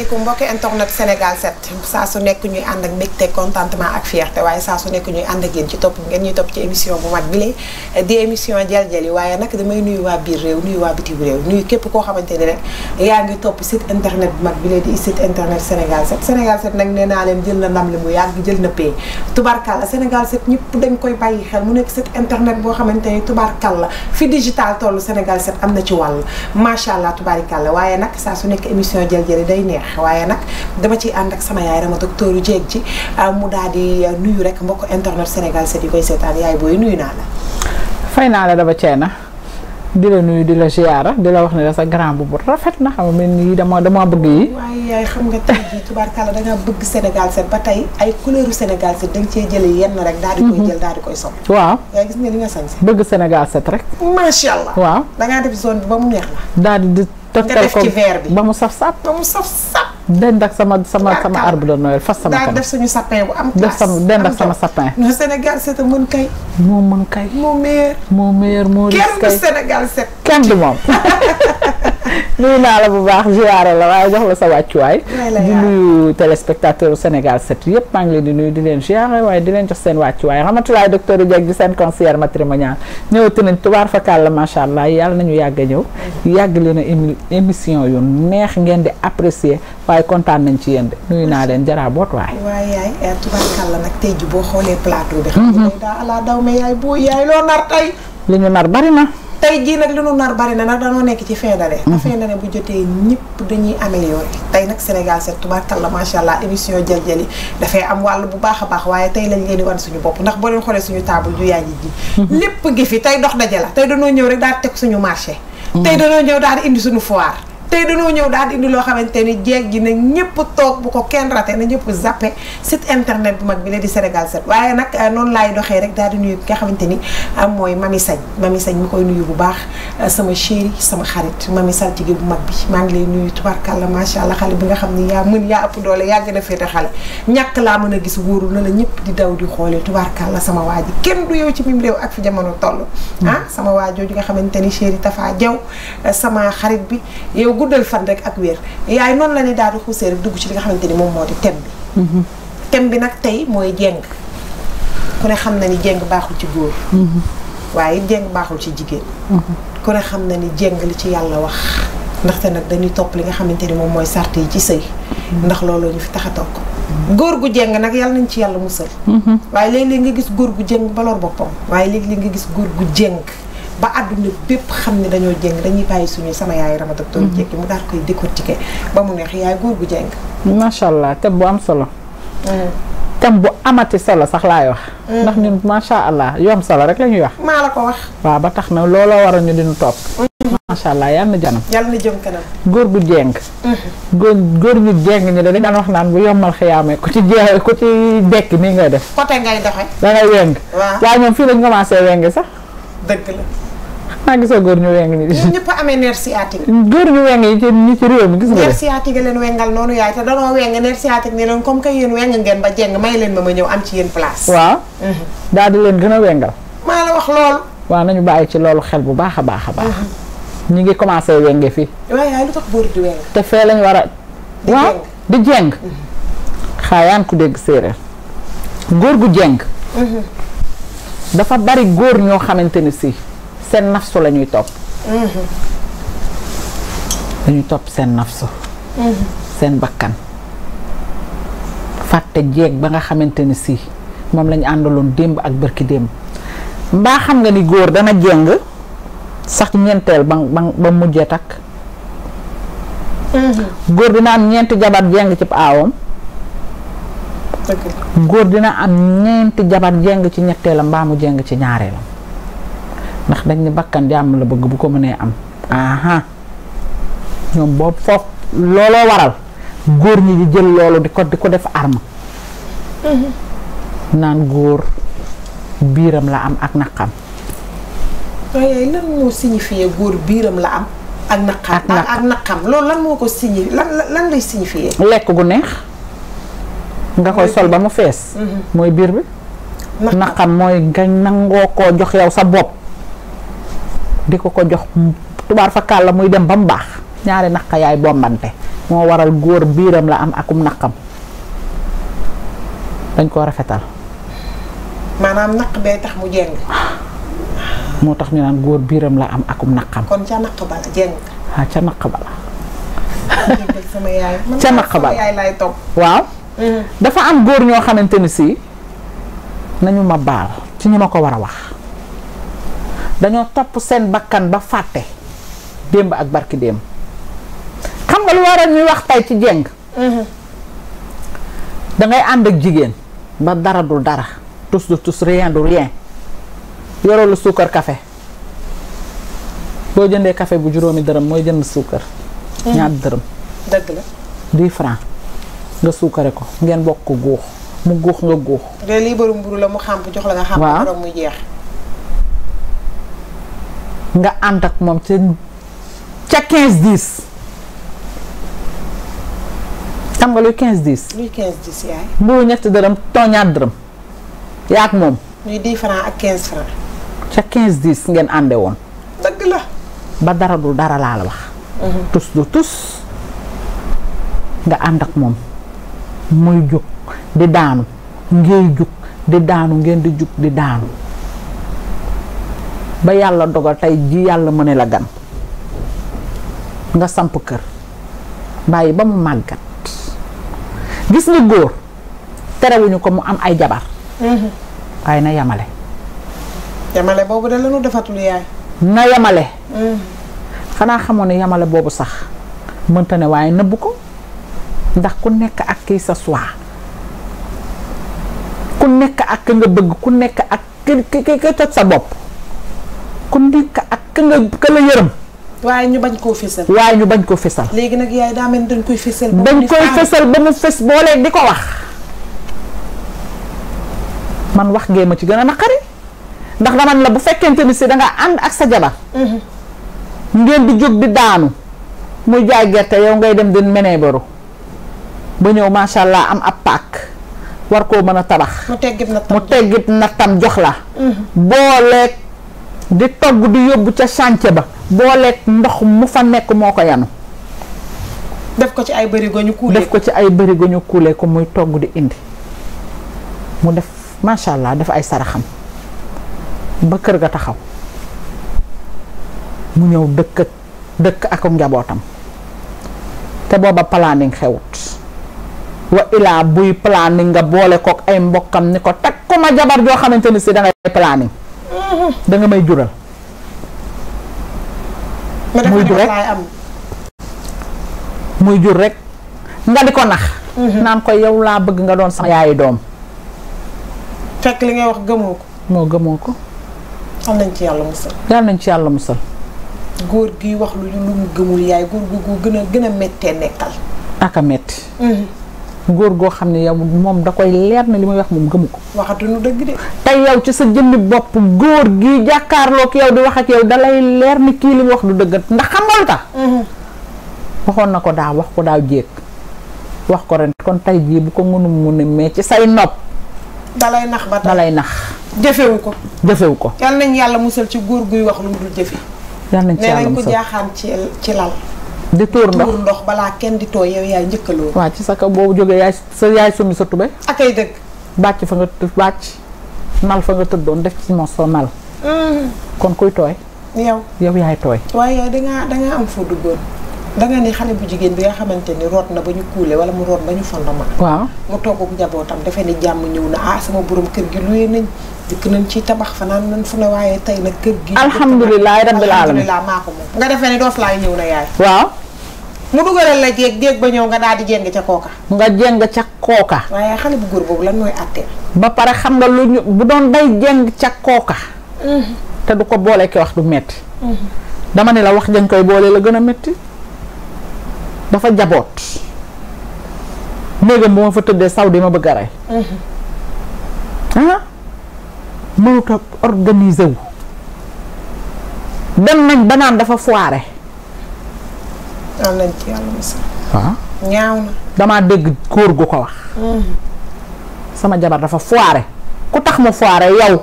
asalaamaaleykum mbokki internet Sénégal 7 saa su nekk ñuy ànd ak mbégte contentement ak fierté waaye saa su nekk ñuy ànd ak yéen ci topp ngeen ñuy topp ci émission bu mag bile émission jëljël yi waaye nag damay nuyu waa réew nuyu waa bitim réew képp koo xamante ni rek yaa ngi topp site internet bu mag bile di site internet Sénégal 7 Sénégal 7 nag nee naa leen jël na ndam li mu yàgg jël na pay tubarkalla Sénégal 7 ñëpp dañ koy bàyyi xel mu nekk site internet boo xamante ni tubarkalla fi digital tollu Sénégal 7 am na ci wàll macha allah kalla waaye nag saa su nekk émission jëljël yi day neex waaye nag dama ci ànd ak sama yaay Rama docteur yu jéeg ji ah, mu daal di nuyu rek mbokk internet Sénégal set yu koy seetaan yaay booy nuyu naa la. fay naa la dama cee na di la nuyu di la ziara di la wax ne la sa grand bu rafet na xam nga nii dama dama bëgg yi. waaye yaay xam nga tey jii tubaarkàlla da ngaa bëgg Sénégal set ba tey ay couleuru Sénégal set dañ cee jëlee yenn rek. daal di koy mhm. jël daal di koy sopp. waaw bëgg Sénégal set rek. macha allah waaw da ngaa def zone bi ba mu neex la. daal di toftal ko ba mu saf sap ba mu saf sap dend ak sama sama sama arbre de Noël fas sama kanam def suñu sapin bu am def sama dend ak sapin le Sénégal set a mën kay moo mën kay moo meilleur moo meilleur moo risque kay kenn du Sénégal set kenn nuyu naa la bu baax ziyaare la waaye jox la sa wàccuwaay di nuyu téléspectateur Sénégal 7 yëpp maa ngi leen di nuyu di leen ziyaare waaye di leen jox seen wàccuwaay Ramatulaay docteur Dieg di seen conseillère matrimonial ñëwati nañ tubaar fakal la macha allah yàlla nañu yàgg a ñëw yàgg leen a émission yu neex ngeen di apprécier waaye kontaan nañ ci yéen de nuyu naa leen jaraa boot waay waaye yaay eh, tubaarkàlla nag tey ji boo xoolee plateau bi mhm. xam loo nar tey li ñu nar bari na tey jii nag li nu nar bari na nag danoo nekk ci fin d'année. Mm-hmm. fin bu jotee ñëpp dañuy amélioré tey nag Sénégal set tubaarkalla macha allah émission Jël Jëli dafay am wàll bu baax a baax waaye tey lañ leen di wan suñu bopp ndax boo leen xoolee suñu table ju yaa ji. Mm-hmm. lépp ngi fi tey dox daje la tey danoo ñëw rek daal teg suñu marché. Mm-hmm. tey danoo ñëw daal indi suñu foire. tey dañoo ñëw daal di indi loo xamante ni jeeg gi nag ñëpp toog bu ko kenn raté na ñëpp zappé site internet bu mag bi la di Sénégal 7 waaye nag euh, noonu laay doxee rek daal di nuyu nga xamante ni euh, mooy Mami Sañ Mami Sañ mu koy nuyu bu baax euh, sama chéri sama xarit Mami saltige bu mag bi maa ngi lay nuyu tubarkalla macha allah xale bi nga xam ni yaa mën yaa ëpp doole yaa gën a féete xale ñàkk laa mën a gis wóorul na la ñëpp di daw di xoolee la sama waa ji kenn du yow ci mim réew ak fi jamono toll mm. ah sama waa jooju nga xamante ni chéri dafaa Jaw sama xarit bi yow guddal fan rek ak wér yaay noonu la ne daal di xuusee rek dugg ci li nga xamante ni moom moo di thème bi mhm. thème bi nag tey mooy jeng ku ne xam na ni jeng baaxul ci góor mhm. waaye jeng baaxul ci jigéen mhm. ku xam na ni jeng li ci yàlla wax ndaxte nag dañuy topp li nga xamante ni moom mooy sart yi ci sëy ndax looloo ñu fi tax a toog góor gu jeng nag yàlla nañ ci yàlla musal waaye léeg-léeg nga gis góor gu jeng baloor boppam waaye léeg-léeg nga gis góor gu jeng ba àdduna bépp xam ne dañoo jéng dañuy bàyyi suñuy sama yaay Rama docteur mm-hmm. Jekki mu daal koy décortiquer ba mu neex yaay góor bu jéng macha allah thème bu am solo mm. thème bu amati solo sax laay wax mm. ndax ñun macha allah yu solo rek la ñuy wax maa la ko wax waaw ba tax na looloo waral ñu dinu topp macha allah yal na janam yal góor bu jéng mm-hmm. góor góor ñu jéng ñu de dañ daan wax naan bu yombal xiyaame ku ci jee ku ci dekk nii ngay def côté ngay doxe sax maa ah, gisoo góor ñu weng ñi. ñun ñëpp amee nerf sciatique. góor ñu weng yi ci ñi ci réew gis nga. nerf sciatique leen wengal noonu yaay te danoo weng nerf sciatique ne leen comme que yéen weng ngeen ba jeng may leen ma ma ñëw am ci yéen place. waaw. Mhm. daal di leen gën a wengal. maa la wax lool. waaw nañu bàyyi ci loolu xel bu baax a baax a baax. Mhm. ñu ngi commencé wenge fii. waaye yaay lu tax góor di weng. te fee lañu war a. di jeng di jeng. Mhm. xaayaan ku dégg séeréer. góor gu jeng. dafa bari góor ñoo xamante ni si. seen nafsu lañuy ñuy topp mm-hmm. dañuy topp seen nafsu mm-hmm. seen bakkan fàtte jeeg ba nga xamante ni si moom lañu àndaloon démb ak bërki démb mbaa xam nga ni góor dana jeng sax ñeenteel ba ba mujjee takk mm-hmm. góor dina am ñeenti jabar jeng ci aawam góor dina am ñeenti jabar jeng ci ñetteelam mbaa mu jeng ci ñaareelam ndax dañ ne bàkkan jàmm la bëgg bu ko mënee am aha ñoom boobu foofu looloo waral góor ñi di jël loolu di ko di ko def arma mm-hmm. naan góor biiram la am ak naqam waaye góor biiram la am ak naqam ak naqam loolu lan moo ko signifié lan lay signifié lekk gu neex nga koy mm-hmm. sol ba mu fees mm-hmm. mooy biir bi naqam mooy nga nangoo ko jox yow sa bopp di ko ko jox tubaar fa la muy dem ba mu baax ñaari naqa yaay bombante moo waral góor biiram la am akum naqam dañ koo rafetal. maanaam naq bee tax mu jeng. moo tax ñu naan góor biiram la am akum naqam. kon ca naq bala jeng. Ah, naq bala. naq bala yaay laay waaw. Mm-hmm. dafa am góor ñoo xamante ni si nañu ma baal ci ñu ma ko war a wax. dañoo topp seen bakkan ba fàtte démb ak barki démb xam nga lu waral ñuy wax tey ci jeng mhm. dangay ànd ak jigéen ba dara du dara tus du tus rien du rien yoroo suukar kafe boo jëndee kafe bu juróomi dërëm mooy jënd suukar mhm. ñaar dërëm dëgg la dix franc nga suukare ko ngeen bokk guux mu guux nga guux de lii bëru mburu la mu xàmp jox la nga xàmp muy jeex nga ànd ak moom ca ca 15 10. xam nga luy 15 10. luy 15 ñetti dërëm tooñaat dërëm yaa ak moom. ca 15 10 ngeen ànde woon. dëgg la. ba dara du dara laa la wax. Mhm. tus du tus nga ànd ak moom muy jóg di daanu daanu ngeen di jóg di daanu. ba yàlla dogal tey ji yàlla mu ne la gan nga samp kër bàyyi ba mu màggat gis nga góor terewuñu ko mu am ay jabar mm-hmm. waaye na yamale yamale boobu de lañu defatul yaay na yamale mm-hmm. xanaa xamoon ne yamale boobu sax mënta ne waaye nëbb ko ndax ku nekk ak kii sa soir ku nekk ak nga bëgg ku nekk ak ki ki ki sa bopp ku nekk ak ka nga ka la yërëm. waaye ñu bañ koo fésal. waaye ñu bañ koo fésal. léegi nag yaay daa mel dañ koy fésal. dañ koy fésal ba mu fés boolee di ko wax. man wax ngee ma ci gën a naqari ndax dama ne bu fekkente ni si danga ànd ak sa jabar. Mhm. ngeen di jóg di daanu. muy jaay gerte yow ngay dem di menee boru ba ñëw macha allah am ab paak war koo mën a tabax. mu teggit na tam jox la. Mhm. booleeg di togg di yóbbu ca chantier ba booleeg ndox mu fa nekk moo ko yanu def ko ci ay bërigo ñu ko ci ay bërigo ñu kuulee ko muy togg di indi mu def macha allah def ay saraxam ba kër ga taxaw mu ñëw dëkk dëkk ak njabootam te booba planning xewut wa ilaa buy planning nga boole kook ay mbokkam ni ko takku ma jabar joo xamante ni si dangay planning da may jural. muy jur rek jur rek nga di ko nax. Mhm. naan ko yow laa bëgg nga doon sama yaayu doom. fekk li ngay wax gëmoo ko. moo gëmoo ko. am nañ ci yàlla musal. yàlla nañ ci yàlla musal. góor gi wax lu lu mu gëmul yaay góor gu gën a gën a méttee nekkal. ak a góor goo xam ne yow moom da koy leer na li muy wax moom gëmu ko. waxatuñu dëgg de. te yow ci sa jëmmi bopp góor gi jàkkaarloog yow di wax ak yow dalay leer ni kii li mu wax du dëgg ndax xam nga lu tax. Mhm. waxoon na ko daaw wax ko daal jéeg wax ko ren kon tey jii bu ko mënum mu ne mais ci say nopp. dalay nax ba dalay nax. jëfewu ko. jëfewu ko. yal nañ yàlla musal ci góor guy wax lu mu dul jëfe. yal nañ ci yàlla musal ci ci lal. di tuur ndox ndox balaa kenn di tooy yow yaay njëkkaloo. waaw ci sa kaw boobu jógee yaay sa yaay summi sa tubéy. ak ah, ay dëgg. bàcc fa nga bàcc nal fa nga tëddoon def ci mos sa nal. Mm. kon kuy tooy. yow yow yaay tooy. waaye dangaa dangaa am foo duggoon. danga ni xale bu jigéen bi nga xamante ni root na ba ñu kuule wala mu root ba ñu fondement. waa mu togg ak njabootam defe ni jàmm ñëw na ah sama borom kër gi luye nañ dikk nañ ci tabax fanaan nañ fu ne waaye tey nag kër gi. alhamdulilah rabbil alamin alhamdulilah maa ko moom nga na yaay. waaw. mu dugalal la jéeg jéeg ba ñëw nga daal di jéng ca kooka. nga jéng ca kooka. waaye xale bu góor boobu lan mooy àttee. ba pare xam nga lu ñu bu doon day jéng ca kooka. Mm-hmm. te du ko boole ki wax du metti mm-hmm. dama ne la wax dañ koy boolee la gën a metti dafa jaboot néegam bu ma fa tëddee saw di ma bëgg a rey mm-hmm. ah mënut dem nañ ba naan dafa foire am nañ ci yàlla misaal. Ah. damaa dégg góor gu ko wax. Mm. sama jabar dafa foire ku tax mu foire yow.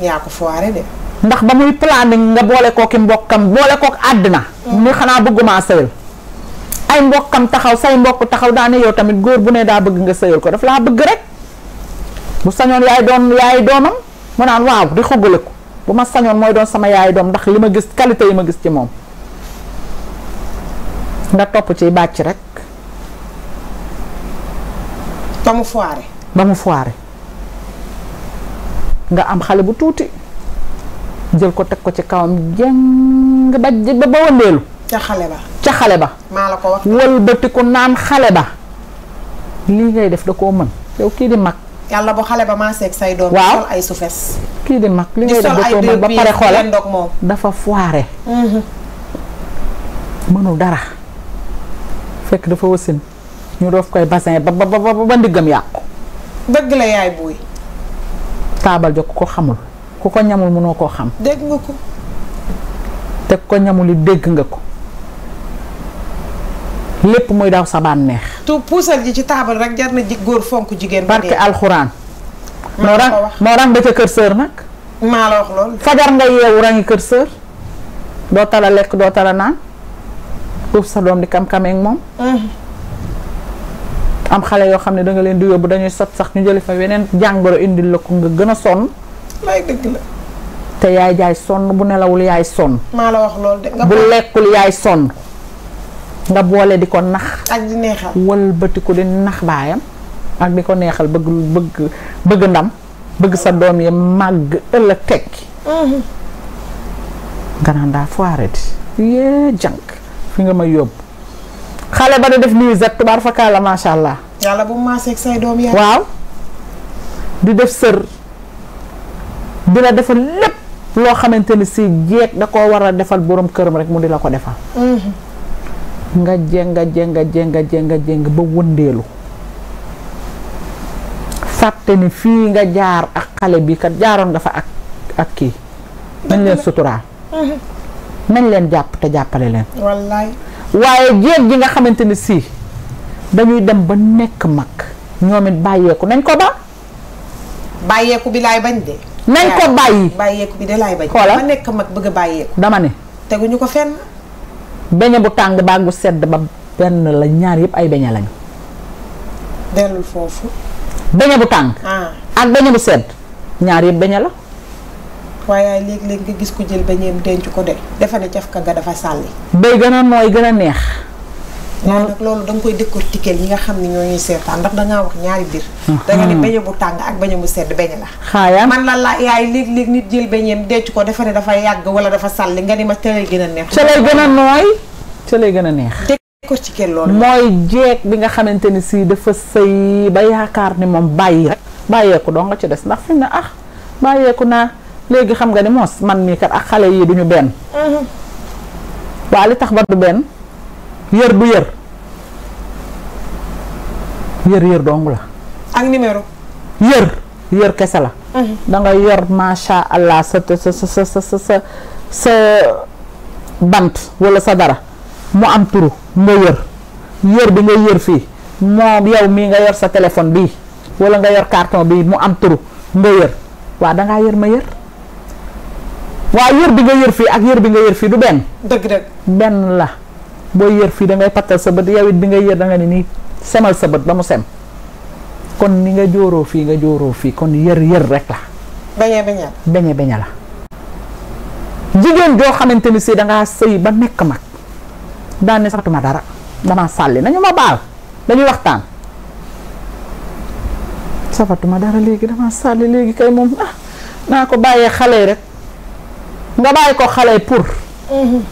yaa ko foire de. ndax ba muy planning nga boole kooki mbokkam boole kook àddina. mu mm. xanaa bëgguma sëyal. ay mbokkam taxaw say mbokk taxaw daane yow tamit góor bu ne daa bëgg nga sëyal ko daf laa bëgg rek. bu sañoon yaay doon yaay doomam mu naan waaw di xogale ko bu ma sañoon mooy doon sama yaay doom ndax li ma gis qualité yi ma gis ci moom. nga topp ci bàcc rek. ba mu foire. ba mu foire nga am xale bu tuuti jël ko teg ko ci kawam jeng ba ba wëndeelu. ca xale ba ca xale ba. maa la ko wax wëlbati ko naan xale ba lii ngay def da koo mën yow kii di mag. yàlla bu xale ba maaseeg say doom. waaw ay sufes. kii di mag li ngay def da koo mën ba pare xoole dafa foire. Mm-hmm. mënul dara. fekk dafa wasin ñu doof koy bassin ba ba ba ba ndiggam yàqu dëgg la yaay buy taabal jo ko xamul ku ko ñamul mënoo koo xam dégg nga ko te ko ñamul dégg nga ko lépp muy daaw sa bànneex tu puusal ji ci taabal rek jar na ji góor fonk jigéen barke alxuraan moo rang moo rang ba ca kër sër nag maa la wax nga yeewu rangi kër sër doo tala lekk doo tala naan foofu sa doom di kam-kameeg moom am xale yoo xam ne da leen di yóbbu dañuy sax ñu jëli fa weneen jàngoro indil la ko nga gën a sonn te yaay jaay sonn bu nelawul yaay sonn maa la wax loolu lekkul yaay sonn nga boole di ko nax ak di neexal wëlbatiku di nax baayam ak di ko neexal bëgg bëgg ndam bëgg sa doom yi màgg ëllëg tekki mm-hmm. nga naan daa foire di yee jànk fi nga may yóbbu. xale ba da def nii zat tubaar fakkaala macha allah. yàlla bu maaseeg doom yaa waaw di def sër di la defal lépp loo xamante ni si jeeg da koo war a defal boroom këram rek mu di la ko defal. Mm-hmm. nga jénga jénga jénga jénga jéng ba wëndeelu. fàtte ni fii nga jaar ak xale bi kat jaaroon nga fa ak ak kii. dañ leen suturaal. Mm-hmm. nañ leen jàpp te jàppale leen. waaye jéeg ji nga xamante ne sii dañuy dem ba nekk mag ñoom it bàyyeeku nañ ko ba. bàyyeeku bi laay bañ de. nañ ko bàyyi bàyyeeku bi de laay bañ. xoolal ma nekk mag bëgg a bàyyeeku. dama ne. teguñu ko fenn. beñe bu tàng baa sedd ba benn la ñaar yëpp ay beñe lañu. dellul foofu. beñe bu tàng. Ah. ak beñe bu sedd ñaar yëpp beñe la. waaye léeg-léeg nga gis ko jël bañeem denc ko de defe ne cafka ga dafa sàlli. bay gën a nooy gën a neex. noonu loolu da nga koy décortiquer ñi nga xam ne ñoo ñuy seetaan ndax dangaa wax ñaari biir. Hmm. da nga ne hmm. bu tàng ak beñe bu sedd beñe la. xaayaan man la la yaay léeg-léeg nit jël bañeem denc ko defe dafa yàgg wala dafa sàlli nga ni ma ca gën a neex. ca lay gën a nooy gën a neex. décortiquer loolu. mooy jeeg bi nga xamante ni si dafa sëy ba yaakaar ni moom bàyyi rek bàyyeeku doo nga ci des ndax fi ah bàyyeeku naa léegi xam nga ni moos man mii kat ak xale yi duñu benn mhm. waa li tax ba du benn yër du yër yër yër dong la ak numéro yër yër kese la mhm. da nga yor macha allah sa sa sa sa sa sa bant wala sa dara mu am turu nga yër yër bi nga yër fii moom yow mii nga yor sa téléphone bii wala nga yor carton bii mu am turu nga yër waa dangaa yër ma yër waaye yër bi nga yër fii ak yër bi nga yër fii du benn. dëgg benn la boo yër fii da ngay pattal sa bët yow bi nga yër danga nga ne nii semal sa bët ba mu sem kon ni nga jóoroo fii nga jóoroo fii kon yër yër rek la. beñe beñe la. jigéen joo xamante ni si danga ngaa sëy ba nekk mag daan ne saxatuma dara damaa sàlli nañu ma baal dañuy waxtaan. safatuma dara léegi damaa sàlli léegi kay moom ah, naa ko bàyyee xale rek nga bàyyi ko xale pour. Mhm.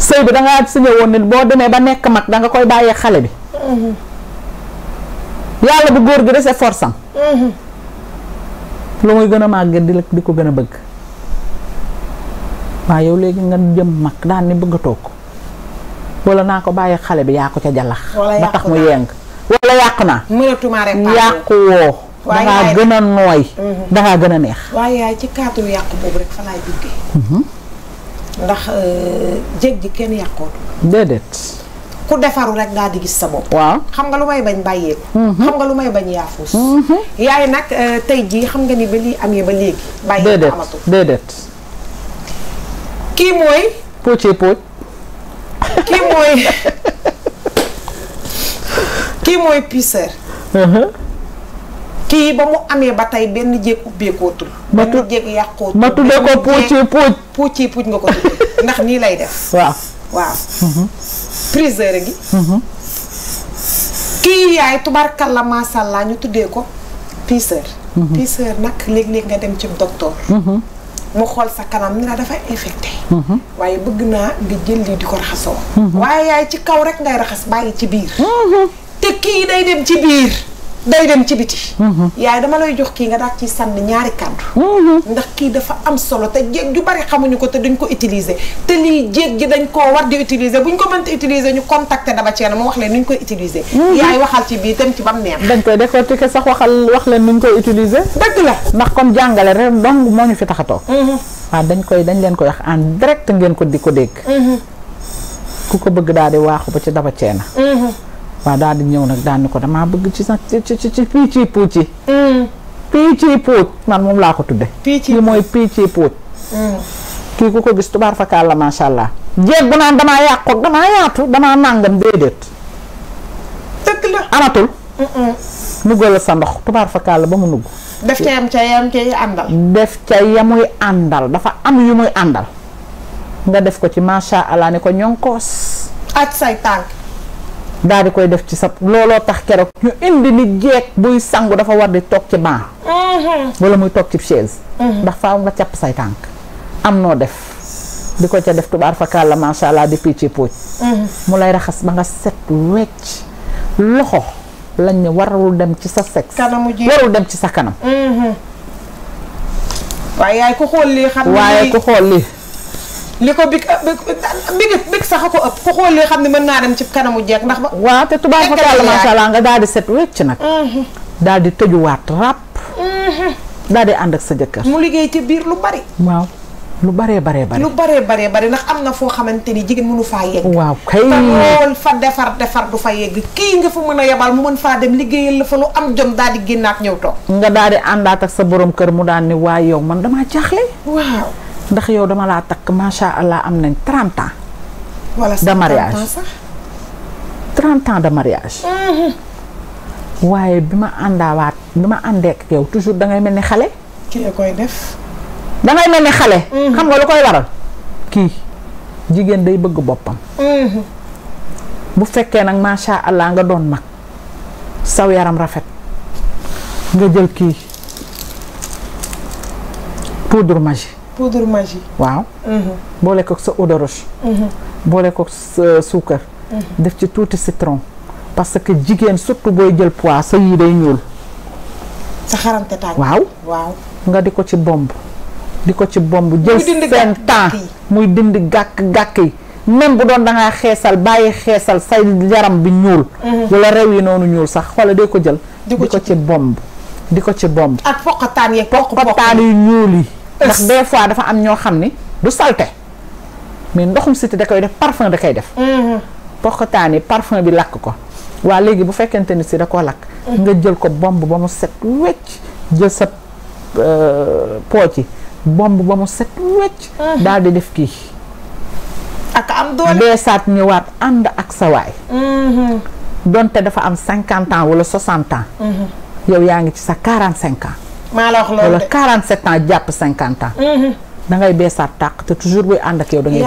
sëy bi da ngaa signé woon ne boo demee ba nekk mag danga koy bàyyee xale bi. Mhm. yàlla bu góor gi dese force am. Mhm. lu muy gën a màgg di la di ko gën a bëgg. waaw yow léegi nga jëm mag daan ni bëgg a toog naa ko bàyyi xale bi yaa ko ca jàllax. ba tax mu yeng wala yàqu naa. yàqu woo. da ngaa gën mhm. neex. waaye yaay ci kaatu yàqu boobu rek fa laay duggee. Mhm. ndax euh, jéeg ji kenn yàqootu. déedéet. ku defaru rek daal di gis sa bopp. waaw xam nga lu may bañ bàyyeeku. Mhm. xam nga lu may bañ yaafuus. yaay nag euh, tey ji xam nga ni ba lii amee ba léegi. bàyyeeku amatu déedéet kii mooy. poocee pooc. kii mooy. kii mooy pisseur. Uh-huh. kii ba mu amee ba tey benn jéeg ubbeekootul. benn jéeg yàqootul ma tuddee ko puuc puuc. puuc puuc nga ko tuddee ndax nii lay def. waaw waaw. Mm-hmm. priseur gi. Mm-hmm. kii yaay tubarkalla macha allah ñu tuddee ko piseur. Mm-hmm. piseur nag léeg-léeg nga dem ci docteur. mu xool sa kanam ni la dafa infecté. waaye bëgg naa nga jël di ko raxasoo. waaye yaay ci kaw rek ngay raxas bàyyi ci biir. te kii day dem ci biir. day dem ci biti. Mm-hmm. yaay dama lay jox kii nga daal ci sànni ñaari kàddu. Mm-hmm. ndax kii dafa am solo te jéeg ju bari xamuñu ko te duñ ko utiliser te lii jéeg ji dañ koo war di utiliser buñ ko mënti utiliser ñu contacter Daba Thiéna mu wax leen nuñ koy utiliser. Mm-hmm. yaay waxal ci bii dem ci bam neex. dañ koy décortiquer sax waxal wax leen nuñ koy utiliser. dëgg la ndax comme jàngale rek donc moo ñu fi tax a toog. dañ koy dañ leen koy wax en direct ngeen ko di ko dégg. ku ko bëgg daal di waaxu ba ci Daba Thiéna. waaw daal di ñëw nag daal ni ko damaa bëgg ci sax ci ci ci pii ci puuc yi mm. pii ci puuc man moom laa ko tudde li mooy pii ci puuc mm. kii ku ko gis tubaar fakkaal la masha allah jeeg naan damaa yàqoog damaa yaatu damaa nàngam déedéet dëgg la sa ndox tubaar fakkaal la ba mu nugg def ca yam ca yam ca àndal def ca yamuy àndal dafa am yu muy àndal nga def ko ci masha allah ni ko ñonkoos ak say tànk daal di koy def ci sa looloo tax keroog ñu indi ni jeeg buy sangu dafa war di toog ci banc mhm. wala muy toog ci chaise mhm. ndax faaw nga càpp say tànk am noo def di ko ca def tubaar fa kàlla macha allah di picc pooj mhm. mu lay raxas ba nga set wecc loxo lañ ne warul dem ci sa sexe warul dem ci sa kanam waaye ku xool lii waaye ku xool lii li ko big big big sax ko ëpp ku xoolee xam ne mën naa dem ci kanamu jeeg ndax ba. waaw te tubaab fa kàlla nga daal di set wecc nag. Mm-hmm. daal di tëjuwaat ràpp. Mm-hmm. daal di ànd ak sa jëkkër. mu liggéey ci biir lu bari. waaw lu baree baree bari. lu baree baree bari ndax am na foo xamante ni jigéen mënu faa yegg. waaw kay te fa defar defar du nga fa mën a yebal mu mën faa dem liggéeyal la fa lu am jom daal di génnaat ñëw toog. nga daal di àndaat ak sa borom kër mu daan ni waaye yow man damaa jaaxle. ndax yow dama laa takk macha allah am nañ 30 ans. wala de mariage 30 ans de mariage. Mhm. waaye bi ma àndaawaat bi ma àndee ak yow toujours dangay mel ni xale. kii koy def. dangay mel ni xale. Mhm. xam nga lu koy waral. kii jigéen day bëgg boppam. Mhm. bu fekkee nag macha allah nga doon mag saw yaram rafet nga jël kii poudre magie. poudre magie. waaw. Mhm. boole ko sa eau de roche. Mhm. boole ko sa euh, suukar. Mhm. def ci tuuti citron. parce que jigéen surtout booy jël poids sa yii day ñuul. sa xarante taaj. waaw nga di ko ci bomb. di ko ci bomb jël seen temps muy dindi gàkk gàkk yi. même bu doon da ngaa xeesal bàyyi xeesal sa yaram bi ñuul. wala rew yi noonu ñuul sax xoola dee ko jël. di ko ci bomb di ko ci bomb. ak poqotaan yeeg poqotaan ñuul yi. ndax des fois dafa am ñoo xam ni du salte mais ndoxum siti da koy def parfum da koy def mm-hmm. poqataani parfum bi lakk ko waa léegi bu fekkente ni si da koo lakk mm-hmm. nga jël ko bomb ba mu set wecc jël sa euh, pooc yi bomb ba mu set mm-hmm. daal di def kii ak am doole beesaat ñëwaat ànd ak sa waay donte dafa am cinquante ans wala soixante ans yow yaa ngi ci sa quarante cinq maa la wax loolu de 47 ans jàpp 50 ans. Mhm. da ngay beesaat tàq te toujours buy ànd ak yow da ngay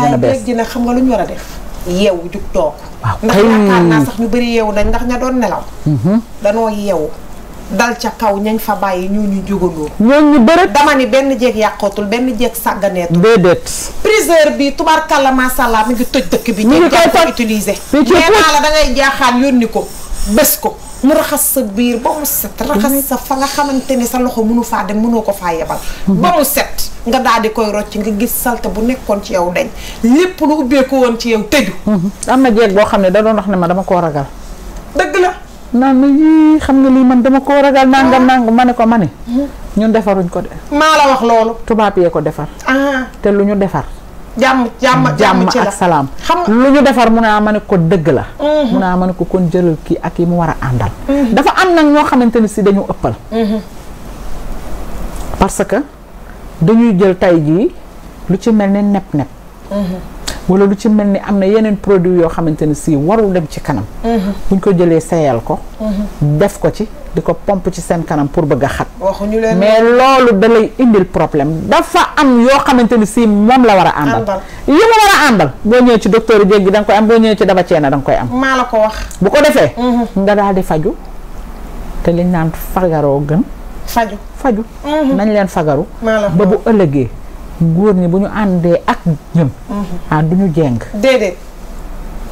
gën a xam nga lu ñu war a def. yeewu jug toog. waaw ndax yaakaar naa sax ñu bëri yeewu nañ ndax ña doon nelaw. Mhm. danoo yeewu. dal ca kaw ñañ fa bàyyi ñu ñooñu jugandoo. ñooñu bëreet. dama ni benn jeeg yàqootul benn jeek sàgganeetul. déedéet. priseur bi tubarkalla macha allah mi ngi toj dëkk bi. ñu ngi koy toj utiliser. nee naa la da ngay jaaxaan yónni ko bés ko. mu raxas sa biir ba mu set raxas sa fa nga xamante ni sa loxo mënu faa dem mënoo ko faa yebal ba mu set nga daal di koy rocc nga gis salte bu nekkoon ci yow dañ lépp lu ubbeeku woon ci yow tëju mhm. am na jeeg boo xam ne da doon wax ne ma dama koo ragal dëgg la naan ma yii xam nga lii man dama koo ragal nangam ah. nangam ma ne ko ma ne mhm. ñun defaruñ ko de maa la wax loolu tubaab yee ko defar ah. te lu ñu defar jàmm jàmm jàmm ak salaam lu ñu defar mun naa ma ne ko dëgg la mhm. mun naa ma ko kon jëlal kii ak yi mu war a àndal mhm. dafa am nag ñoo xamante ni si dañu ëppal mhm. parce que dañuy jël tay jii lu ci mel ne nepp nepp wala lu ci mel ni am na yeneen produit yoo xamante ne si warul dem ci kanam mhm. buñ ko jëlee seyal ko mhm. def ko ci di ko pompe ci seen kanam pour bëgg a xat waxuñu leen mais loolu da indil problème dafa am yoo xamante ni si moom la war a àndal yi mu war a àndal boo ñëwee ci docteur yi jéggi koy am boo ñëwee ci daba ceena da koy am maa la ko wax bu ko defee mhm. nga daal di faju te liñ naan fagaroo gën faju faju nañ leen fagaru ba bu ëllëgee góor ni bu ñu àndee ak ñun. Mm-hmm. ah du ñu jéng. déedéet.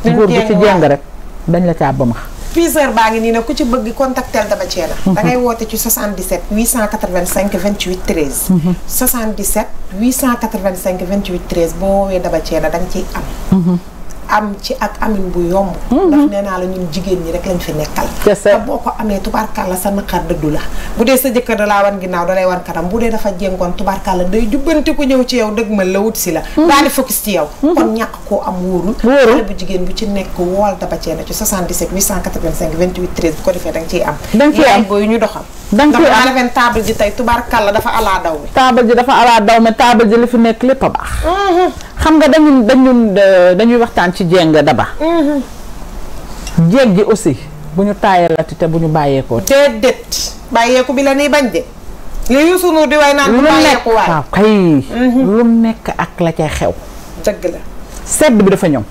góor bu ci jéng rek dañ la caa ba max. Pfizer baa ngi nii nag ku ci bëgg contactel dama cee la. Mm-hmm. da ngay woote ci 77 885 28 13. 77 885 28 13 woowee dama cee la da ci am. Mm-hmm. am ci ak amin bu yomb mhm. ndax nee naa la jigéen ñi rek lañ fi nekkal te boo ko amee la sa naqar dëddu la bu dee sa jëkkër dalaa wan ginnaaw dalay wan kanam bu dee dafa jéngoon tubaarkàlla day jubbanti ko ñëw ci yow dëgg ma la wut si la mhm. daal di focus ci yow mhm. kon ñàkk koo am wóorul xale bu jigéen bu ci nekk wool daba cee na ci 77 885 28 13 bu ko defee danga ciy am danga ciy am booyu ñu doxal danga koy am leen ji tey tubaarkàlla dafa alaa daw mi table ji dafa alaa daw mi table ji li fi nekk lépp a baax mm-hmm. xam nga dañu dañu dañuy waxtaan ci jéng daba mm-hmm. jéeg ji aussi bu ñu taayalati te bu ñu bàyyeekoo te déet bàyyeeku bi la nii bañ de li yu mm-hmm. lu nekk ak la ca xew sedd bi dafa ñëw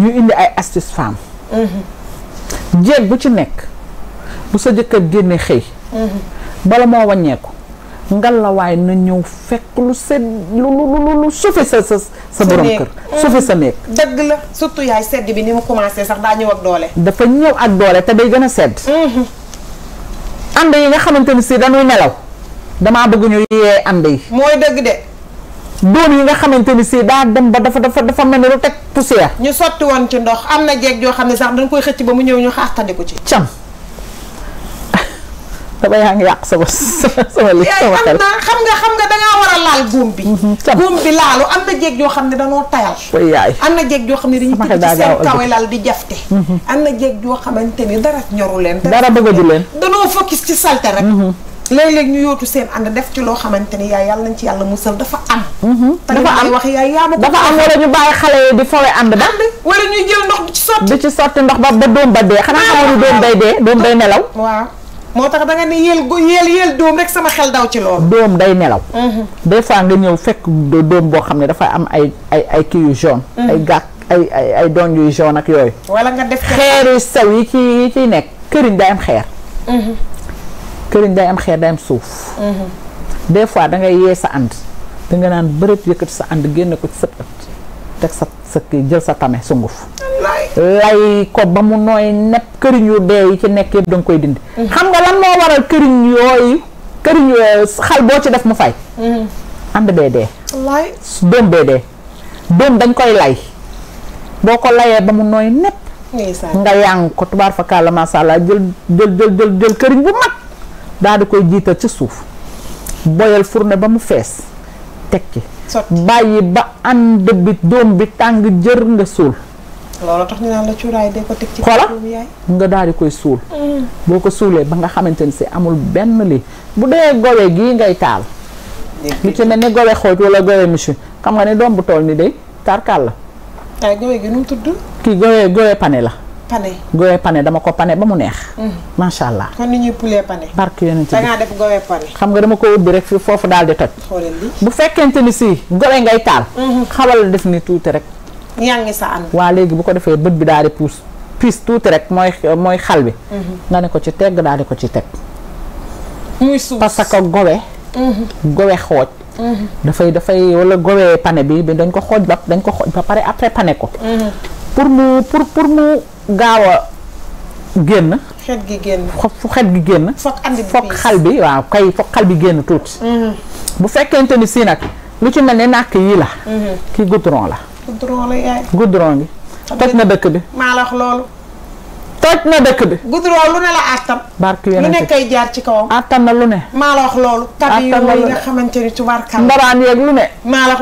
ñu indi ay astuce femme jéeg bu ci nekk bu sa jëkkër génne xëy mhm. bala moo wàññeeku ngal la waaye na ñëw fekk lu sedd lu lu lu sufe sa sa sa borom kër sufe sa mhm. néeg dëgg la surtout yaay sedd bi ni mu commencé sax daa ñëw ak doole dafa ñëw ak doole te day gën a sedd mhm. ànd yi nga xamante ni si dañuy nelaw damaa bëgg ñu yee ànd mooy dëgg de doon yi nga xamante ni si daa dem ba dafa dafa dafa mel ni lu teg poussière ñu sotti woon ci ndox am na jeeg joo xam ne sax dañ koy xëcc ba mu ñëw ñu ko ci cam ba yaa ngi yàq sama sama li sama xam nga xam nga dangaa war a laal góom bi mhm, góom bi laalu am na jéeg yoo xam ne danoo tayal am na jéeg yoo xam ne dañuy tëdd ci seen kawe lal di jafte mhm. am na jéeg yoo xamante ni dara ñoru leen dara bëggaju leen danoo focus ci salte rek mhm. léeg-léeg ñu yootu seen ànd def ci loo xamante ni yaay yàlla nañ ci yàlla musal dafa am. dafa am wax yaay yaa ma ko dafa am wala ñu bàyyi xale yi di fowe ànd ba. wala ñuy jël ndox di ci sotti. ndox ba ba doom ba dee. xanaa ah, xamoon ni doom day dee doom day moo tax da nga ne yéel yéel yéel doom rek sama xel daw ci loolu. doom day nelaw. Mhm. des fois nga ñëw fekk doom boo xam ne dafa am ay ay ay kii yu jaune. Mhm. ay gàkk ay ay ay doon yu jaune ak yooyu. wala nga def xeer yu sew yi ci nekk këriñ day am xeer. Mhm. këriñ day am xeer day am suuf. des fois da ngay yee sa ànd danga naan bërëb yëkkati sa ànd génn ko ci sa teg sa sa jël sa tame sunguf lay ko ba mu nooy nepp këriñ yu dee yi ci nekk yëpp da koy dind mm-hmm. xam nga lan moo waral këriñ yooyu këriñ yooyu euh, xal boo ci def mu fay. Mm-hmm. ànd bee dee. doom bee dee. doom dañ koy lay boo ko layee ba mu nooy nepp. nga yàng ko tubaar fa kàlla macha allah jël jël jël jël këriñ bu mag daal di koy jiital ci suuf boyal fourne ba mu fees tekki bàyyi ba ànd bi doom bi tàng jër nga suul. loolu tax ñu naan la cuuraay de ko teg ci xoola nga daal di koy suul. Mm. boo ko suulee ba nga xamante ni si amul benn li bu dee gowe gii ngay taal. lu ci ne ni gowe xooj wala gowe monsieur xam nga ne doom bu tool ni de tarkal la. ay gowe gi nu tudd. kii gowe gowe pane la. pane gowe pane dama ko pane ba mu neex. Mm. macha allah kon ni ñuy poulet pane. barke yonent da def gowe pane. xam nga dama ko ubbi rek fii foofu daal di toj. bu fekkente ni si gowe ngay taal. Mm-hmm. xawal def ni tuuti rek. yaa ngi sa ànd. waa léegi bu ko defee bët bi daal di puus puus tuuti rek mooy mooy xal bi. Mhm. nga ne ko ci teg daal di ko ci teg. muy suuf parce gowe. Mhm. gowe xooj. Mhm. dafay dafay wala gowe pane bi bi dañ ko xooj ba dañ ko xooj ba pare après pane ko. pour mu pour pour mu gaaw a génn. xet gi génn fu xet gi génn. foog andi foog xal bi waaw kay foog xal bi génn tuuti. bu fekkente ni si nag lu ci mel ne nàkk yii la. kii goudron la. goudron la yaay. toj na dëkk bi. maa la wax loolu. toj na dëkk bi. goudron lu ne la àttam. barke lu ne kay jaar ci kawam. àttam na lu ne. maa la wax loolu. àttam na lu ne kabi yooyu nga xamante ni tubaarkàlla. ndaraan yeeg lu ne. maa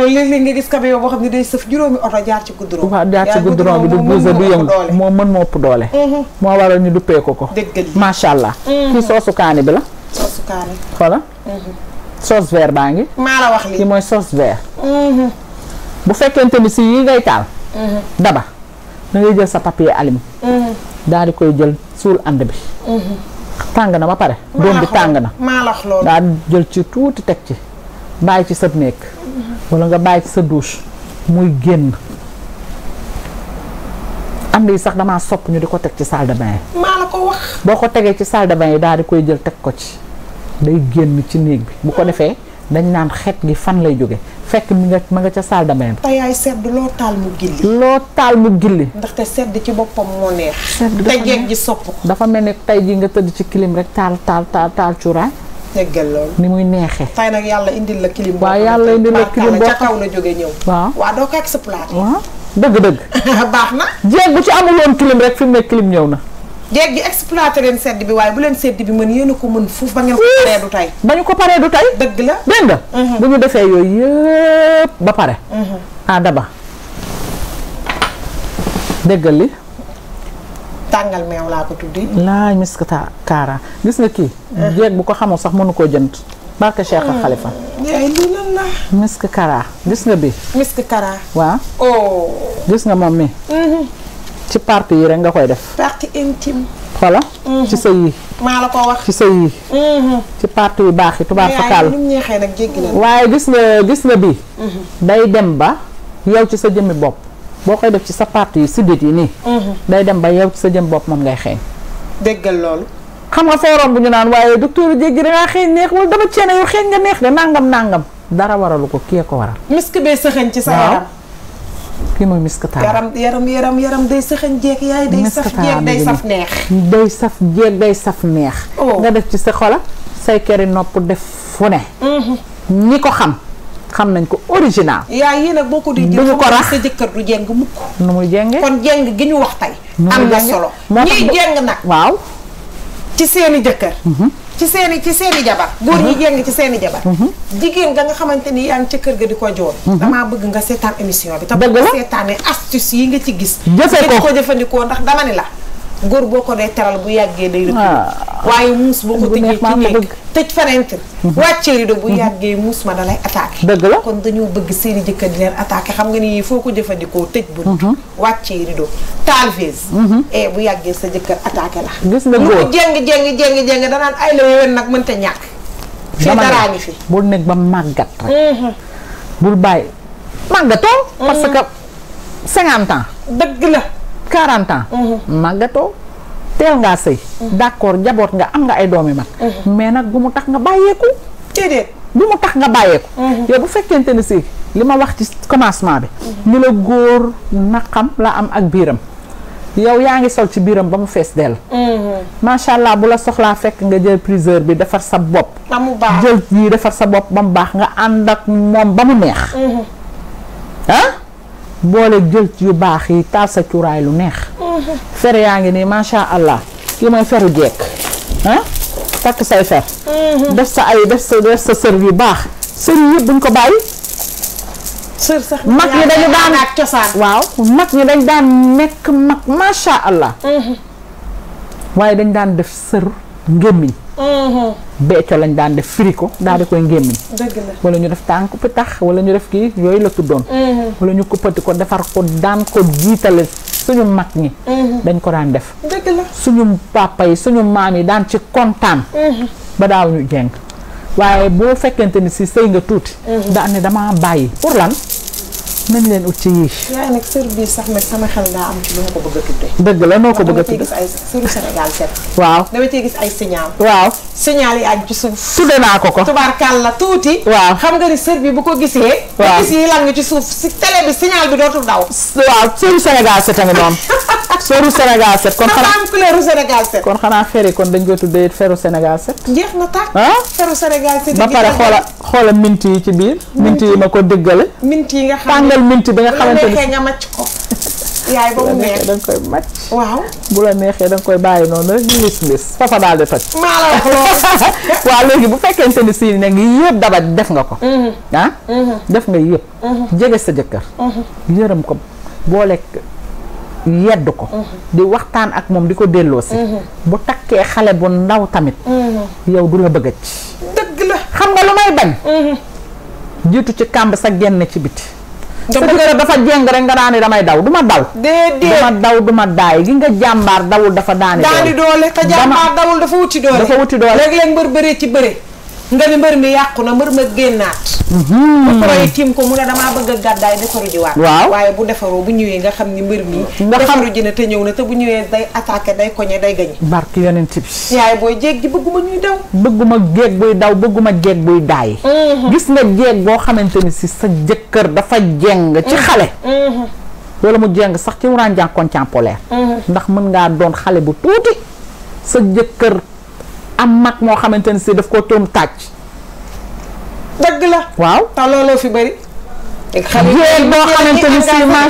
boo xam ne day sëf juróomi oto jaar ci goudron. waaw jaar ci bi du buuse du yëngu moo mën moo ëpp doole. Mhm. moo waral ñu duppee ko ko. dëgg la macha allah. Mhm. kii soosu kaani bi la. soosu kaani. voilà. Mhm. sauce vert baa ngi. maa la wax lii mooy sauce vert. bu fekkente ni si yi ngay taal. Mm-hmm. daba da ngay jël sa papier alim. Mm-hmm. daal di koy jël suul ànd bi. Mm-hmm. tàng na ba pare. doom bi tàng na maalax loolu daal jël ci tuuti teg ci bàyyi ci sa néeg. wala nga bàyyi ci sa douche muy génn. ànd yi sax damaa sopp ñu di ko teg ci salle yi. boo ko tegee ci salle yi daal di koy jël teg ko ci. day génn ci néeg bi bu ko defee dañ naan xet gi fan lay jóge fekk mi nga ma nga ca salle de te yaay sedd loo taal mu gilli. loo taal mu gilli. ndaxte sedd ci boppam moo neex. sedd dafa te jeeg ji sopp ko. dafa mel ne tey jii nga tëdd ci kilim rek taal taal taal taal cuuraay. ni muy neexee. tey nag yàlla indil la kilim waa yàlla indil la clim boo xam ñëw. waaw waaw doo ko ak sa dëgg dëgg. baax na. jeeg ci amul woon clim rek fi mu ne clim ñëw na. jeeg ji exploité leen sedd bi waaye bu leen sedd bi mën yéen a ko mën fuuf ba ngeen ko paree du tey ba ñu ko paree du tey dëgg la dégg nga mhm. bu ñu defee yooyu yëpp ba pare mhm. ah daba déggal li tàngal meew laa ko tuddi laa miska ta gis nga kii mhm. jeeg bu ko xamul sax mënu koo jënd barke Cheikh Khalifa yaay lii lan la misk karaa gis nga bi misk karaa waaw oh. gis nga moom mi ci parti yi rek nga koy def. partie intime. voilà. Mm-hmm. ci sa yi. maa la ko wax ci sa yi. Mm-hmm. ci parti yu baax yi tubaab fakkaal waaye gis nga gis nga bi mm-hmm. day dem ba yow ci sa jëmmi bopp boo koy def ci sa parti yi siddit yi nii. day dem ba yow ci sa jëmm bopp moom ngay xeeñ. déggal loolu. xam nga foo romb bu ñu naan waaye docteur jéggi dangaa xeeñ neex wala dama ceene yow xeeñ nga neex de nangam nangam dara waralu ko kii ko waral. misk bee sëxëñ ci sa yaram kii mooy miskataar yaram yaram yaram yaram day saxañ jeeg yaay day saf jeeg day saf neex day saf jeeg day saf oh. nga def ci sa xola say keri nopp def fu ne mm-hmm. ñi ko xam xam nañ ko original yaay yii nag boo ko di jël ko rax sa muy jenge kon jeng gi ñu wax tey am na solo ñuy jeng nag waaw ci seeni jëkkër mm-hmm. ci seeni ci seeni jabar góor ñi uh-huh. jéng ci seeni jabar uh-huh. jigéen nga nga xamante ni yaa ngi ca kër ga di ko joor uh-huh. damaa bëgg nga seetaan émission bi te bëgg seetaane astuce yi nga ci gis jëfee ko jëfandikoo ndax dama ni la góor boo ko dee teral bu yàggee day rëkk ah. waaye muus boo ko tëjee ci néeg tëj fenêtre mhm. wàccee rido bu mhm. yàggee muus ma dalay attaqué dëgg la kon dañoo bëgg seeni jëkkër di xam nga ni foo ko jëfandikoo tëj bunt mhm. wàccee rido taal vase e bu yàggee sa jëkkër attaqué la gis nga góor lu jeng jeng jeng jeng danaan ay la yowén nag mënta ñàkk fii daraa ngi fi bul nekk ba màggat rek bul bàyyi màggatoo parce que cinquante ans dëgg la quarante ans. Mhm. màggatoo teel ngaa sëy. Mhm. d'accord jaboot nga am nga ay doomi mag. Mhm. mais nag bu mu tax nga bàyyeeku. déedéet bu mu tax nga bàyyeeku. yow bu fekkente ne si li ma wax ci commencement bi. ni la góor naqam la am ak biiram. yow yaa ngi sol ci biiram ba mu fees dell. macha allah bu la soxlaa fekk nga jël priseur bi defar sa bopp. ba mu baax jël yi defar sa bopp ba mu baax nga ànd ak moom ba mu neex. Ah? boole jël yu baax yi taal sa cuuraay lu neex. Mm-hmm. fer yaa ngi nii macha allah kii mooy feru jekk ah takk say fer. Mm-hmm. def sa ay def sa def sa sër yu baax sër yi yëpp duñ ko bàyyi. sër sax mag ñi dañu daan ak cosaan waaw mag ñi dañ daan nekk mag macha allah. Mm-hmm. waaye dañ daan def sër ngémmiñ Uh-huh. beeco lañ daan def firi ko daal di koy ñi walla ñu def tànk pi tax wala ñu def kii yooyu la tuddoon uh-huh. wala ñu kuppati ko defar ko daan ko jiitale suñu mag ñi uh-huh. dañ ko daan def suñu papa yi suñu maam yi daan ci kontaan ba daal ñu jeng waaye boo fekkente ni si sëy nga tuuti daan ne damaa bàyyi pour lan nañ leen ut ci yii. yaay nag sër bii sax ma sama xel daa am ci lu ma ko bëgg a tuddee. dëgg la noo ko bëgg a tuddee dama cee gis ay waaw dama cee gis ay signal. waaw. signal yi aju ci suuf. tudde naa ko ko la tuuti. waaw xam nga ni sër bi bu ko gisee. waaw gis yi lan nga ci suuf si télé bi signal bi dootul daw. waaw sëru Sénégal set a ngi noonu. sëru Sénégal set. kon xanaa am couleur Sénégal kon dañ ko tuddee feru Sénégal set. jeex na tàkk. ah feru Sénégal set. ba pare xoola xoola mint yi ci biir. mint yi ma ko diggale. mint yi nga xam ne tàngal mint bi nga ko. yaay ba mu neex da koy màcc. waaw bu la neexee da koy bàyyi noonu rek ñu gis gis fafa daal di toj. maa léegi bu fekkente ni si nag yëpp daba def nga ko. Mm-hmm. Ah? Mm-hmm. def nga yëpp. Mm-hmm. jege sa jëkkër. yërëm ko boole yedd ko. di waxtaan ak moom di ko delloosi. bu takkee xale bu ndaw tamit. yow du la bëgg a ci. xam nga lu may bañ. jiitu ci kàmb sa genn ci biti. sa jëkkër dafa jeng rek nga daani damay daw du ma daw déedéet duma daw du daay gi nga jàmbaar dawul dafa daani daani doole te jàmbaar dawul dafa wuti doole dafa wuti doole léegi léeg bër bëree ci bëre nga ne mbër mi yàqu na mbër ma génnaat mhm. ba pare tiim ko mu a damaa bëgg a gàddaay defaru ji waat waaw waaye bu defaroo bu ñëwee nga xam ni mbër mi nga defaru ji na te ñëw na te bu ñëwee day attaqué day koñe day gañe barke yonent bi yaay booy jéeg ji bëgguma ñuy daw bëgguma jéeg buy daw bëgguma jéeg buy daay mhm. gis nga jéeg boo xamante ni si sa jëkkër dafa jeng ci mhm. xale wala mu jeng sax ci wuraan jàng ndax mën ngaa doon xale bu tuuti sa jëkkër am mag moo xamante ne si daf ko tóom tàcc. dëgg la. waaw te looloo fi bëri. xam jéeg boo xamante ne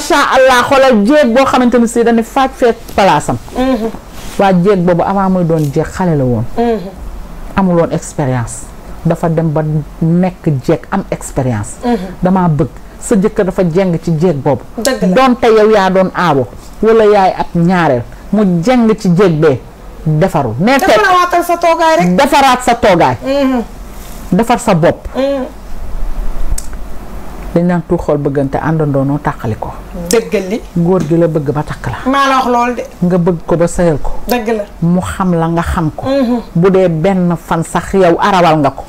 si allah xoolal jéeg boo xamante ne si dañu faaj fee palaasam. Mm-hmm. waa jéeg boobu avant muy doon jéeg xale la woon. Mm-hmm. amul expérience. dafa dem ba nekk jéeg am expérience. Mm-hmm. damaa bëgg sa jëkkër dafa jeng ci jéeg boobu. donte yow yaa doon aabo wala yaay ab ñaareel mu jeng ci jéeg bee. defaru mais tey defaraatal sa toogaay defaraat sa toogaay. Mm-hmm. defar sa bopp. Mm-hmm. dañ naan tuur bëggante àndandoo noo tàqali ko. dëggal góor gi la bëgg ba takk la. nga bëgg ko ba sëyal ko. dëgg mu xam la nga xam ko. Mm-hmm. bu dee benn fan sax yow arawal nga ko.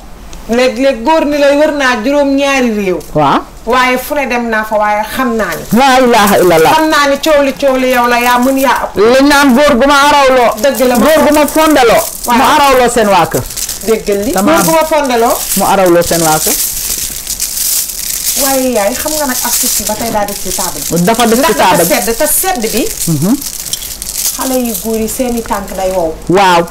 léeg-léeg góor ni lay wër naa juróom-ñaari réew. waaw waaye fu ne dem naa fa waaye xam naa ni. laa ilaaha illallah xam naa ni coow li coow li yow la yaa mën yaa ëpp. li naan góor gu ma arawloo. dëgg la góor gu ma fondeloo. mu arawloo seen waa kër. dëgg li góor gu ma fondeloo. mu arawloo seen waa kër. waaye yaay xam nga nag astuce ba tey daa def ci table. dafa def ci table ndax dafa sedd te sedd bi. Mhm. xale yu góor yi seeni tànk day wow. waaw.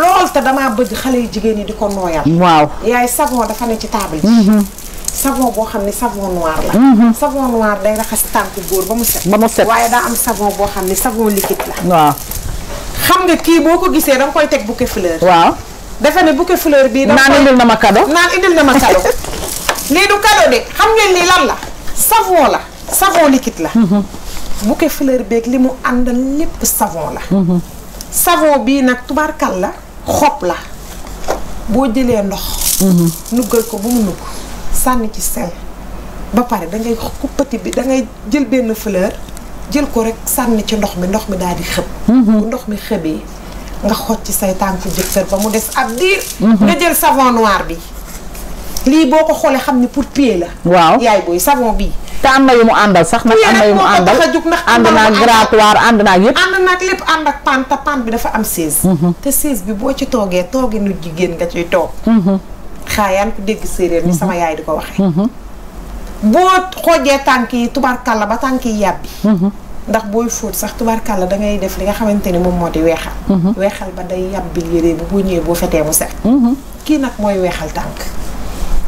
lool te damaa bëgg xale yu jigéen ñi di ko nooyal. waaw yaay savon dafa ne ci table ji. Mm-hmm. savon boo xam ne savon noir la. Mm-hmm. savon noir day raxas tànk góor ba mu set. ba mu set waaye daa am savon boo xam ne savon liquide la. waaw xam nga kii boo ko gisee da koy teg bouquet fleur. waaw dafa ne bouquet fleur bii. da naan indil na ma cadeau naan indil na ma cadeau. lii du cadeau de xam ngeen lii lan la savon la savon liquide la. Mm-hmm. bouquet fleur beeg li mu àndal lépp savon la. savon bii nag tubaarkal la xob la boo jëlee ndox mhm. nuggal ko ba mu nugg sànni ci sel ba pare dangay kuppati bi dangay jël benn fleur jël ko rek sànni ci ndox mi ndox mi daal di xëb mhm. bu ndox mi xëbee nga xot ci say tànku jëkkër ba mu des ab diir mhm. nga jël savon noir bi lii boo ko xoolee xam ne pour pied la. waaw yaay booy savon bii. te am na yu mu àndal sax nag am na yu mu àndal ànd naa grattoir ànd naa yëpp. ànd naa lépp ànd ak pant te bi dafa am chaise. Mhm. te chaise bi boo ci toogee tooge nu jigéen nga ciy toog. Mhm. xaayaan ku dégg séeréer ni mhm. sama yaay di ko waxee. boo xoojee tànk yi tubaarkàlla ba tànk yi yàbbi. ndax booy fóot sax tubaarkàlla da ngay def li nga xamante ni moom moo di weexal. weexal ba day yàbbi yére bu bu ñëwee boo fetee mu set. kii nag mooy weexal tànk.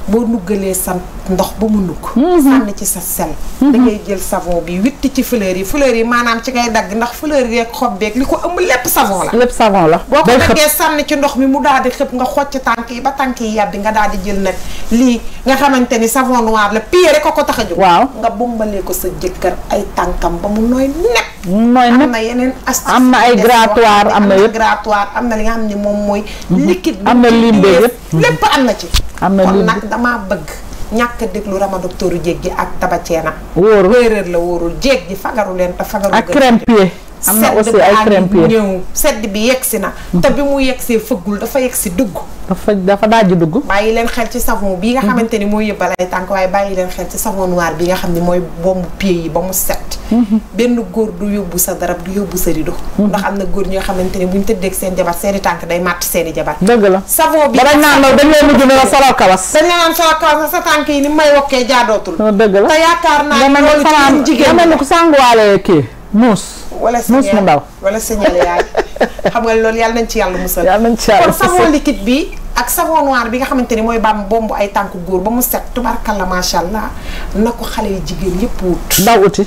boo nuggalee sa ndox ba mu nugg mhm. sànn ci sa sel mhm. da ngay jël savon bi witti ci fleurs yi fleurs yi maanaam ci ngay dagg ndax fleurs yeeg xob beeg li ko ëmb lépp savon la lépp savon la boo ko daggee sànn ci ndox mi mu daal di xëpp nga xocc tànk yi ba tànk yi yàbbi nga daal di jël nag lii nga xamante ni savon noir la pire rek ko ko tax a jóg waaw nga bombalee ko sa jëkkër ay tànkam ba mu nooy nepp nooy nepp am na yeneen astuce am na ay grattoir am na yëpp grattoir am na li nga xam ne moom mooy mhm. liquide am na limbe yëpp lépp am na ci am na kon nag dama bëgg ñàkk a déglu rama docteuru jéeg gi ak tabaceena wóoru wéeréer la wóorul jéeg gi fagaru leen te fagaru ak crème pied am na aussi ay crème pure ñëw sedd bi yegsi na. Mm-hmm. te bi mu yegsee fëggul dafa yegsi dugg. dafa dafa daaj dugg. bàyyi leen xel ci savon bi nga mm-hmm. xamante ni mooy yëbbal ay tànk waaye bàyyi leen xel ci savon noir bi nga xam ne mooy bombu pied yi ba mu set. Mm-hmm. benn góor du yóbbu sa darab du yóbbu sa rido. ndax am na góor ñoo xamante ni bu ñu tëddee ak seen jabar seeni tànk day màtt seeni jabar. dëgg la savon bi dañ naan dañ leen mujj ne la solal kawas. dañ la naan solal kawas sa tànk yi ni may wokkee jaadootul. dëgg la te yaakaar naa loolu ci jigéen dama ne ko sànguwaale kii muus wala muus mu wala signal yaay xam nga loolu yàlla nañ ci yàlla musal yàlla nañ ci yàlla musal liquide bi ak savon noir bi nga xamante ni mooy baam bomb ay tànk góor ba mu set tubarkalla macha allah na ko xale yu jigéen yëpp wut ndaw uti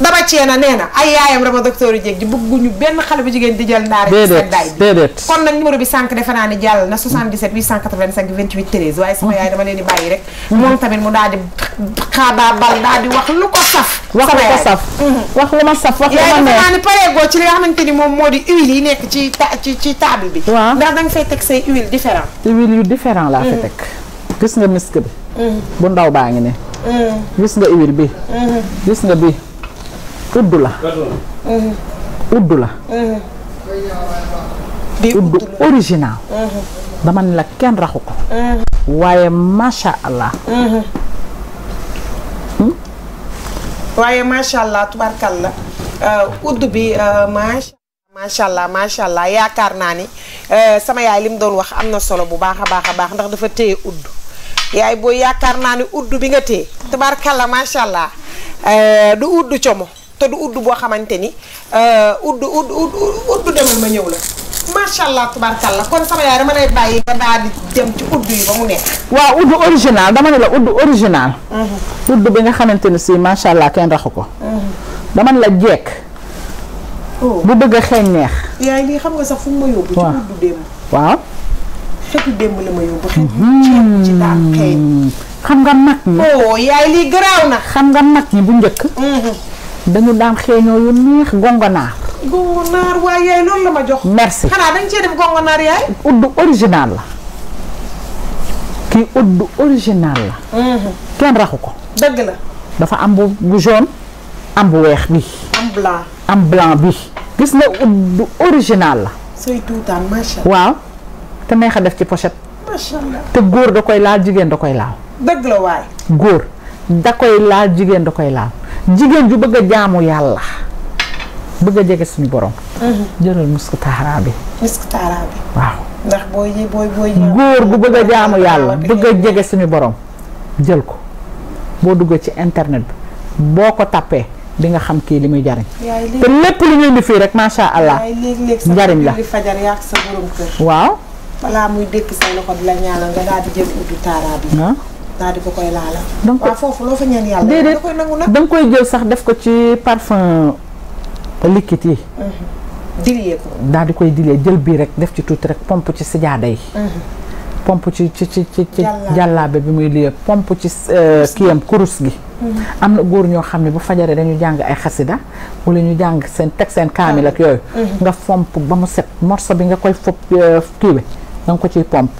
dama ceena nee na ay yaayam rama docteur Dieg ji bëgguñu benn xale bu jigéen di jël ndaare ci seen daay déedéet kon nag numéro bi sànq defe naa ne jàll na 77 885 28 13 waaye sama mm-hmm. yaay dama leen di bàyyi rek moom tamit mu daal di xaabaa daal di wax lu ko saf wax lu ko saf mm-hmm. wax lu ma saf wax lu ma neex naa ne ci li nga xamante ni moom moo di huile yi nekk ci ci ci table bi waaw ndax da nga fay teg say huile différent huile yu différent laa fa mm-hmm. teg gis nga bi bu ndaw ne gis bi nga bi udd la mm-hmm. udd la mm-hmm. udd original mm-hmm. dama ne la kenn raxu ko waaye masha allah hmm? waaye la allah tubarkalla udd uh, bi uh, masha macha allah macha allah yaakaar naa ni uh, sama yaay li mu doon wax am na solo bu baax a baax a baax ndax dafa téye udd yaay booy yaakaar naa ni udd bi nga téye tubaarkalla macha allah du udd como te du udd boo xamante ni euh, udd udd demal ma ñëw la macha allah tubarkalla kon sama yaay dama lay bàyyi nga daal di dem ci udd yi ba mu nekk. waaw udd original dama la udd original. Mhm. udd bi nga xamante ne si macha allah kenn raxu ko. Mhm. dama la jekk. Oh. bu bëgg a xeeñ neex. yaay lii xam nga sax fu mu ma yóbbu. ci udd démb. waaw. xeetu démb la ma yóbbu. xeetu mhm. ci daal xeeñ. xam nga mag ñi. oh yaay lii garaaw na. xam nga mag ñi bu njëkk. dañu daan xeeñoo yu neex gongonaar. gongonaar waaye yaay loolu la ma jox. merci dañ cee def gongonaar yaay. udd original la mhm. kenn raxu ko. dëgg dafa am bu bu am bu weex bi. am blanc am blanc bi. gis nga udd original la. waaw te neex a def ci pochette. te góor da koy laal jigéen da koy laal. dëgg la góor da koy laal jigéen da koy laal. jigéen ju bëgg a jaamu yàlla bëgg a jege suñu borom. Mhm. jëlal musku taara bi. musku waaw góor gu bëgg a jaamu yàlla bëgg a jege suñu borom jël ko boo duggee ci internet bi boo ko tappee dinga xam kii li muy jariñ. te lépp lu ñuy indi fii rek macha allah. njariñ la waaw. balaa muy dëkk sa loxo la ñaanal daal koy laala. donc waaw foofu loo fa ñaan yàlla. déedéet da nag da koy jël sax def ko ci parfum liquide yi. Mhm. dilie daal di koy dilie jël bii rek def ci tuuti rek pompe ci sijaada yi. Mhm. pomp ci ci ci ci ci jàllaabe bi muy lii pomp ci euh, kiyam kurus gi mhm. am na góor ñoo xam ne bu fajaree dañu jàng ay xasida wala ñu jàng seen teg seen kaamil ak ah. yooyu nga fomp ba mu set morso bi nga koy fopp euh, kiiwe da nga ko ciy pomp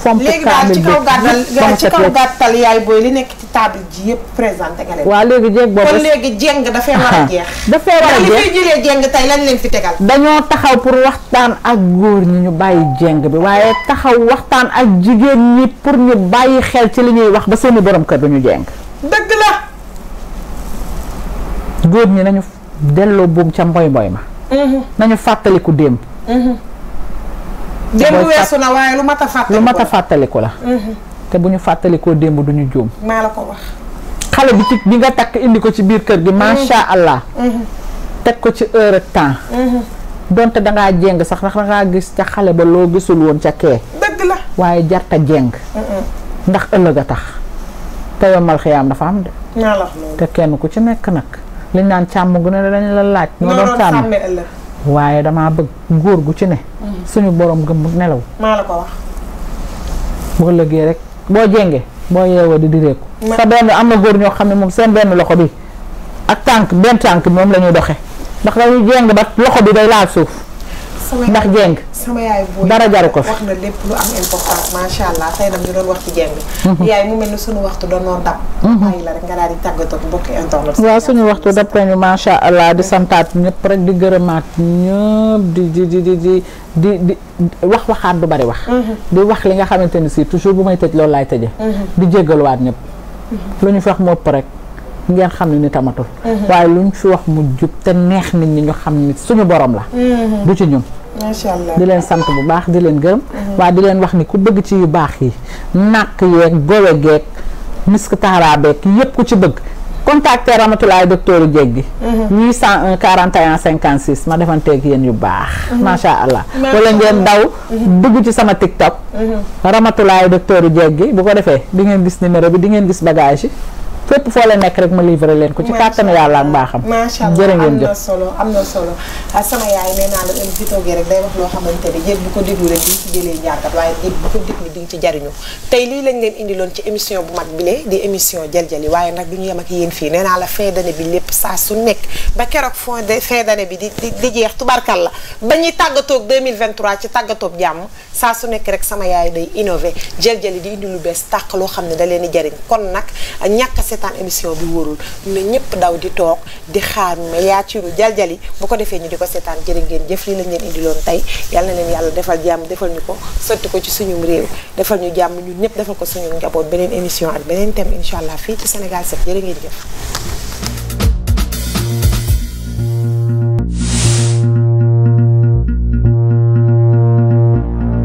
fomp kaamil bi léegi ci kaw gàttal yaay booy li nekk ci table ji yëpp présenté nga leen. waaw léegi jéeg boobu léegi jéng dafay war a jeex. dafay war a jeex jéng tey lañ leen fi tegal. dañoo taxaw pour waxtaan ak góor ñi ñu bàyyi jéng bi waaye taxaw waxtaan ak jigéen ñi pour ñu bàyyi xel ci li ñuy wax ba seeni borom kër duñu jéng. dëgg la. góor ñi nañu delloo buum ca mboy mboy ma. Mhm. nañu fàttaliku démb. Mhm. démb weesu na waaye lu mat a fàttaliku la lu mat a la. Mhm. te bu ñu fàttalikoo démb du ñu juum. maa xale bi ci bi nga takk indi ko ci biir kër gi. macha mhm. allah. Mhm. teg ko ci heure ak temps. donte da ngaa jéng sax ndax da gis ca xale ba loo gisul woon ca kee. dëgg la waaye jarta jéng. ndax ëllëg a tax. te yombal xiyaam dafa am de. te kenn ku ci nekk nag. liñ naan càmm gu ne dañ la laaj. moo doon càmm waaye damaa bëgg góor gu ci ne. Mm. suñu borom gëm nelaw. maa la boo lëggee rek boo jéngee boo yeewoo di direeku. sa benn am na góor ñoo xam ne moom seen benn loxo bi ak tànk benn tànk moom lañuy ñuy ndax dañuy jéng ba loxo bi day laal suuf. ndax jeng sama yaay booy dara jaru ko fi wax na lépp macha allah tey nag ñu wax ci jeng mhm. suñu waxtu doon noo dab mhm. bàyyi la rek suñu waxtu dab nañu allah di santaat ñëpp rek di gërëmaat ñëpp di di di di di wax waxaat du bari wax mhm. di wax li nga xamante ni si toujours bu may tëj loolu laay tëje di jéggaluwaat ñëpp lu ñu fi mopp rek ngeen xam ne ni tamatul lu ñu fi wax mu jub te neex nit ñi ñu xam ni suñu boroom la du ci ñun macha allah di leen sant bu baax di leen gërëm. Mm-hmm. waaye di leen wax ni ku bëgg ci yu baax yi nàkk yeeg gowe geeg misk taaraabeeg yëpp ku ci bëgg. contacter Ramatulaay docteur Dieg gi. 801 41 56 ma defanteeg yéen yu baax. Mm-hmm. macha allah wala ngeen daw. Mm-hmm. dugg ci sama TikTok. Ramatulaay docteur Dieg gi bu ko defee di ngeen gis numéro bi di ngeen gis bagage yi. fépp foo leen nekk rek ma livré leen ko ci kàttanu yàlla ak mbaaxam jërë ngeen jëf am na solo am na solo ah, sama yaay nee naa la heure bi toogee rek day wax loo xamante ne yéen bu ko déglu waaye lii lañ leen indiloon ci émission bu mag bi le di émission jëljëli waaye nag du ñu yem ak yéen fii nee naa la fin d'année bi lépp saa su nekk ba keroog fin de fin d'année bi di di jeex tubarkal la ba ñuy tàggatoog 2023 ci tàggatoog jàmm saa su nekk rek sama yaay day innové jëljëli di indi lu bees tàq loo xam ne da leen di jariñ kon nag ñàkk seetaan émission bi wóorul ne ñëpp daw di toog di xaar Yathiourou Dialdialy bu ko defee ñu di ko seetaan jërë ngeen jëf lii lañ leen indiloon tey yàlla na leen yàlla defal jàmm defal ñu ko sotti ko ci suñu réew defal ñu jàmm ñun ñëpp defal ko suñu njaboot beneen émission ak beneen thème incha fii ci Sénégal 7 jërë ngeen jëf